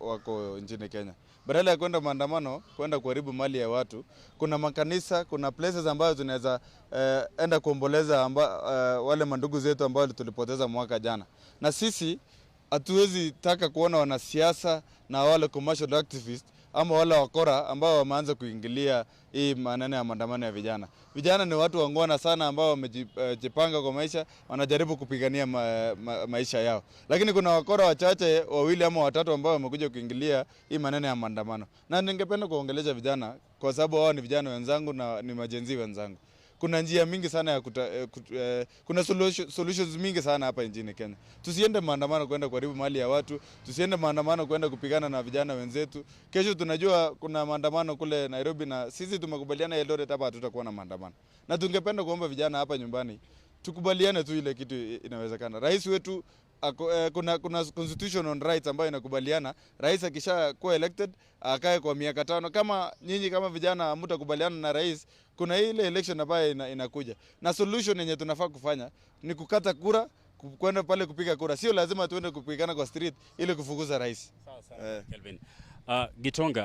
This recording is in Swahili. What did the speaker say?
wako nchini Kenya. Badala ya kwenda maandamano, kwenda kuharibu mali ya watu, kuna makanisa, kuna places ambazo tunaweza eh, enda kuomboleza amba, eh, wale mandugu zetu ambao tulipoteza mwaka jana, na sisi hatuwezi taka kuona wanasiasa na wale commercial activists ama wale wakora ambao wameanza kuingilia hii maneno ya maandamano ya vijana. Vijana ni watu wangwana sana ambao wamejipanga kwa maisha, wanajaribu kupigania ma, ma, maisha yao, lakini kuna wakora wachache wawili ama watatu ambao wamekuja kuingilia hii maneno ya maandamano, na ningependa kuongelesha vijana kwa sababu wao ni vijana wenzangu na ni majenzi wenzangu kuna njia mingi sana ya kuta, eh, kut, eh, kuna solution, solutions mingi sana hapa nchini Kenya. Tusiende maandamano kwenda kuharibu mali ya watu, tusiende maandamano kwenda kupigana na vijana wenzetu. Kesho tunajua kuna maandamano kule Nairobi, na sisi tumekubaliana Eldoret hapa hatutakuwa na maandamano, na tungependa kuomba vijana hapa nyumbani tukubaliane tu ile kitu inawezekana. Rais wetu ako, eh, kuna, kuna constitution on rights ambayo inakubaliana rais akishakuwa elected akae kwa miaka tano. Kama nyinyi kama vijana mtakubaliana na rais kuna ile election ambayo inakuja na solution yenye tunafaa kufanya ni kukata kura kwenda pale kupiga kura, sio lazima tuende kupigana kwa street ili kufukuza rais. Sawa sawa, eh. Kelvin. Uh, Gitonga